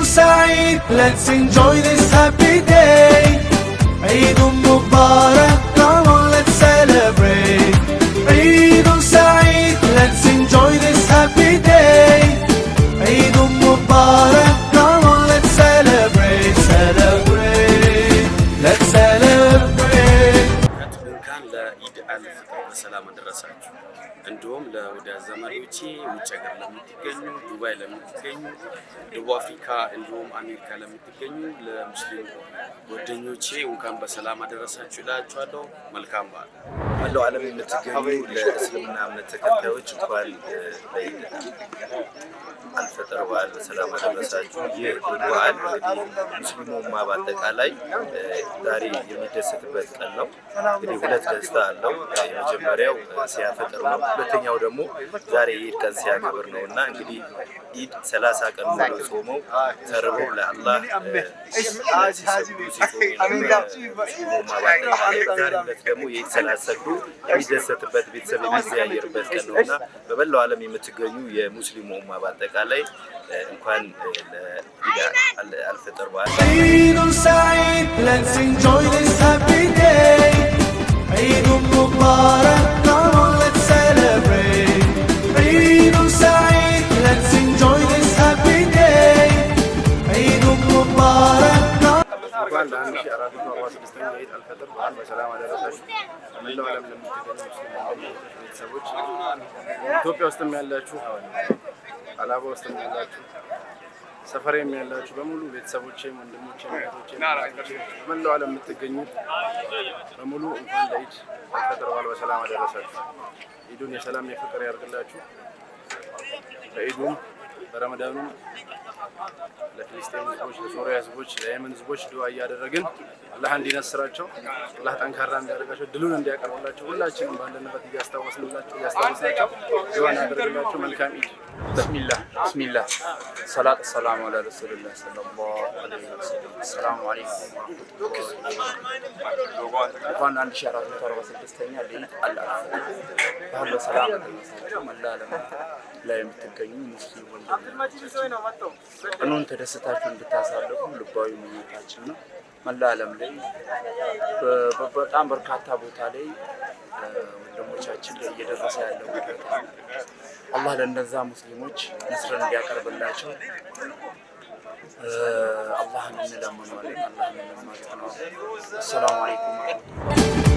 Eidun Saeed Let's enjoy this happy day Eidun Mubarak አደረሳችሁ። እንዲሁም ለወዳጅ ዘመዶቼ ውጭ ሀገር ለምትገኙ፣ ዱባይ ለምትገኙ፣ ደቡብ አፍሪካ እንዲሁም አሜሪካ ለምትገኙ ለሙስሊም ጓደኞቼ እንኳን በሰላም አደረሳችሁ እላችኋለሁ። መልካም በዓል። ባለው ዓለም የምትገኙ ለእስልምና እምነት ተከታዮች እንኳን ለኢድ አልፈጥር በዓል በሰላም አደረሳችሁ። ይህ በዓል ሙስሊሙማ በአጠቃላይ ዛሬ የሚደሰትበት ቀን ነው። እንግዲህ ሁለት ደስታ አለው። የመጀመሪያው ሲያፈጥር ነው። ሁለተኛው ደግሞ ዛሬ የኢድ ቀን ሲያከብር ነው እና እንግዲህ ኢድ ሰላሳ ቀን ሙሉ ጾመው ተርቦ ለአላህ ዛሬነት ደግሞ የሚደሰትበት ቤተሰብ የሚዘያየርበት ቀን ነው እና የምትገኙ የሙስሊሙ ኡማ በአጠቃላይ እንኳን ለኢድ በመላው ዓለም ለምትገኙ ቤተሰቦች ኢትዮጵያ ውስጥም ያላችሁ አላባ ውስጥም ያላችሁ ሰፈሬም ያላችሁ በሙሉ ቤተሰቦቼም ወንድሞቼም እህቶቼም በመላው ዓለም የምትገኙ በሙሉ እንኳን ለኢድ አልፈጥር በዓል በሰላም አደረሳችሁ። ኢዱን የሰላም የፍቅር ያደርግላችሁ በኢዱም በረመዳኑም ለፍልስጤም ህዝቦች፣ ለሶሪያ ህዝቦች፣ ለየመን ህዝቦች ድዋ እያደረግን አላህ እንዲነስራቸው አላህ ጠንካራ እንዲያደርጋቸው ድሉን እንዲያቀርብላቸው ሁላችንም ባለንበት እያስታወስንላቸው እያስታወስናቸው ድዋ እናደርግላቸው። መልካም ኢድ ብስሚላ ብስሚላ ሰላት ሰላም አላ ረሱልላ ሰላሙ አለይኩም እንኳን አንድ ሺ ላይ የምትገኙ ሙስሊም ወንድሞች ተደስታችሁ እንድታሳልፉ ልባዊ ምኞታችን ነው። መላ ዓለም ላይ በጣም በርካታ ቦታ ላይ ወንድሞቻችን ላይ እየደረሰ ያለው አላህ ለእነዛ ሙስሊሞች ምስርን እንዲያቀርብላቸው አላህን እንለምነዋለን። አላህን ነው። አሰላሙ አለይኩም።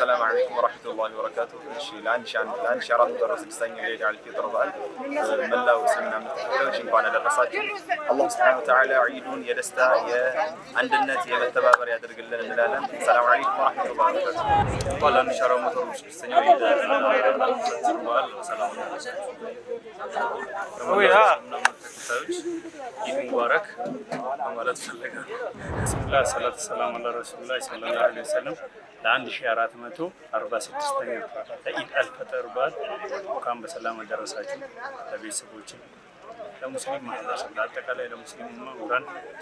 السلام عليكم ورحمة الله وبركاته شيء الآن شان الآن شارات مدرس السنة الليلة على الفطر ضال ملا وسمنا من تحتوجين بانا درسات الله سبحانه وتعالى عيدون يا دستا يا عند الناس يا متبابر يا درق لنا من العالم السلام عليكم ورحمة الله وبركاته والله الله مطر مش السنة اللي الليلة ضال السلام عليكم ويا ኢድ ማለት ስላ ሰላት ሰላም አላ ረሱሉላ ሰለላሁ ዐለይሂ ወሰለም ለአንድ ሺ አራት መቶ አርባ ለኢድ በዓል እንኳን በሰላም አደረሳችሁ። ለቤተሰቦችን፣ ለሙስሊም ማህበረሰብ፣ ለአጠቃላይ ለሙስሊም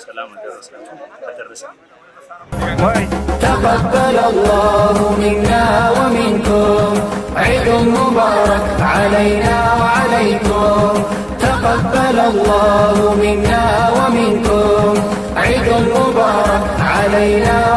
ሰላም አደረሳችሁ አደረሰ ተቀበለ አላሁ ሚና ወሚንኩም ዒድ ሙባረክ جعل الله منا ومنكم عيد مبارك علينا